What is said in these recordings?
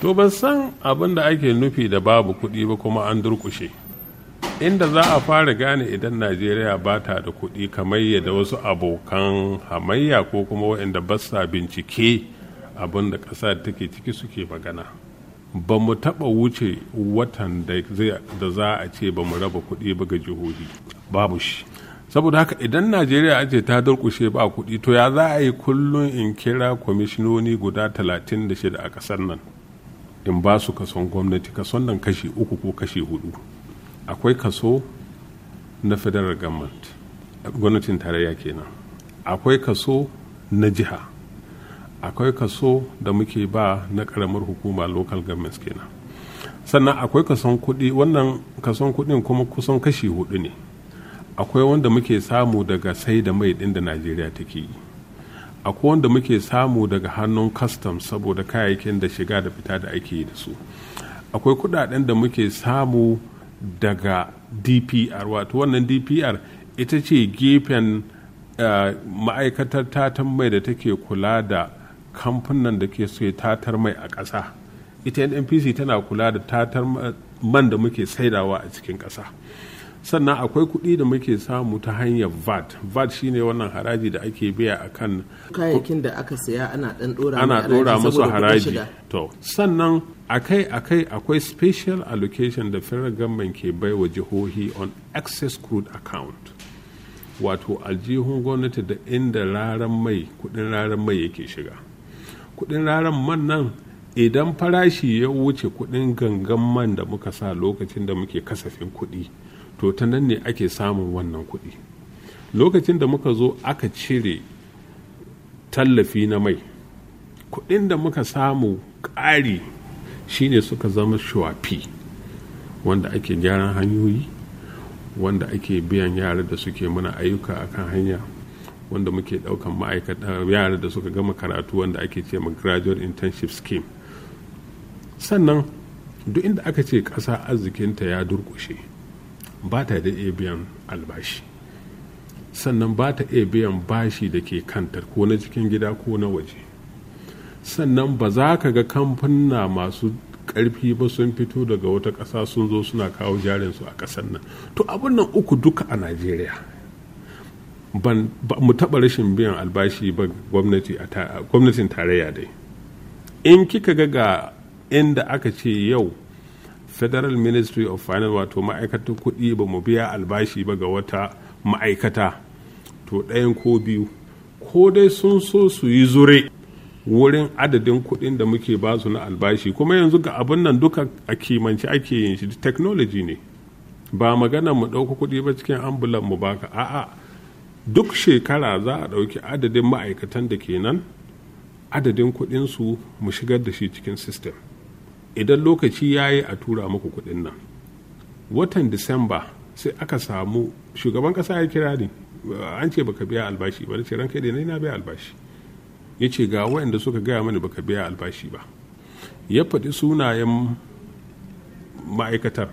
to ban san abin da ake nufi da babu kuɗi ba kuma an durƙushe inda za a fara gane idan najeriya ba ta da kuɗi kamar yadda wasu abokan hamayya ko kuma waɗanda ba sa bincike abin da ƙasa take ciki suke magana ba mu taɓa wuce watan da za a ce ba mu raba kuɗi ba ga jihohi babu shi saboda haka idan najeriya ce ta durkushe ba kuɗi to ya za a yi kullum in kira kwamishinoni guda 36 a ƙasar nan in ba su kason gwamnati kason nan kashi uku ko kashi hudu akwai kaso na federal government gwamnatin tarayya kenan akwai kaso na jiha akwai kaso da muke ba na karamar hukuma local governments kenan sannan akwai kason kuɗi wannan kason kuɗin kuma kusan kashi hudu ne akwai wanda muke samu daga sai da mai ɗin da najeriya take yi akwai wanda muke samu daga hannun kastam saboda kayayyakin da shiga da fita da ake yi da su akwai kudaden da muke samu daga dpr wato wannan dpr ita ce gefen eh, ma'aikatar tatar mai da take kula da kamfanin da ke so tatar mai a ƙasa ita npc tana kula da tatar eh, man da muke saidawa a cikin ƙasa sannan akwai kuɗi da muke samu ta hanyar vat vat shine wannan haraji da ake biya a kan kayayyakin da aka saya ana ɗan ɗora ana ɗora musu haraji to sannan akai akai akwai special allocation da federal government ke bai wa jihohi on excess crude account wato aljihun gwamnati da inda raran mai kuɗin raran mai yake shiga kuɗin raran man nan idan farashi ya wuce kuɗin gangan man da muka sa lokacin da muke kasafin kuɗi. to ta nan ne ake samun wannan kuɗi lokacin da muka zo aka cire tallafi na mai kuɗin da muka samu ƙari shi ne suka zama shuwafi wanda ake gyaran hanyoyi wanda ake biyan yara da suke mana ayyuka akan hanya wanda muke ɗaukan ma'aikata yara da suka gama karatu wanda ake ce ma graduate internship scheme sannan duk inda aka ce ƙasa arzikinta ya durƙushe ba ta da iya biyan albashi sannan ba ta iya biyan bashi da ke kanta ko na cikin gida ko na waje sannan ba za ka ga kamfuna masu ƙarfi ba sun fito daga wata ƙasa sun zo suna kawo jarinsu a ƙasar nan to abin nan uku duka a najeriya ban mu taɓa rashin biyan albashi ba gwamnatin tarayya dai in kika ga ga inda aka ce yau federal ministry of finance wato ma'aikatar kuɗi ba mu biya albashi ba ga wata ma'aikata to ɗayan ko biyu ko dai sun so su yi zure wurin adadin kuɗin da muke ba su na albashi kuma yanzu ga abin nan duka a kimanci ake yin shi technology ne ba magana mu ɗauka kuɗi ba cikin ambulan mu baka a'a duk shekara za a ɗauki adadin ma'aikatan da kenan adadin su mu shigar da shi cikin system idan lokaci ya yi a tura muku kuɗin nan watan disamba sai aka samu shugaban kasa ya kira ni an ce baka biya albashi ba ce ranka dai na biya albashi ya ce ga waɗanda suka gaya mani baka biya albashi ba ya faɗi sunayen ma'aikatar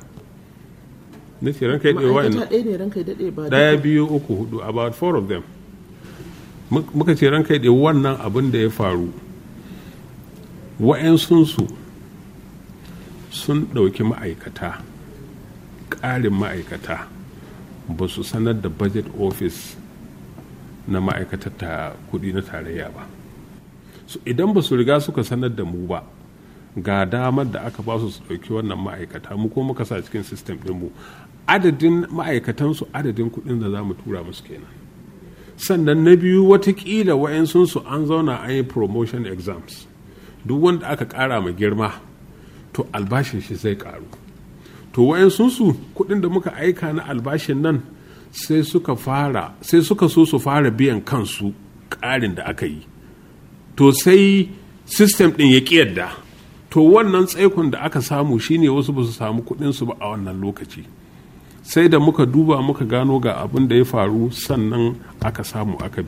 na ce ranka daɗe waɗanda daya biyu uku hudu about four of them muka ce ranka dai wannan abin da ya faru su. sun ɗauki ma'aikata ƙarin ma'aikata ba su sanar da budget office na ma'aikatar ta kudi na tarayya ba idan ba su riga suka sanar da mu ba ga damar da aka ba su su ɗauki wannan ma'aikata mu ko muka sa cikin system mu adadin ma'aikatansu adadin kuɗin da za mu tura musu kenan sannan na biyu watakila su an zauna an yi promotion exams duk wanda aka ƙara ma girma to albashin shi zai karu to wayan su kuɗin da muka aika na albashin nan sai suka fara sai suka so su fara biyan kansu ƙarin da aka yi to sai sistem ɗin ya ƙiyadda to wannan tsaikon da aka samu shine wasu ba su samu su ba a wannan lokaci sai da muka duba muka gano ga abin da ya faru sannan aka samu aka biya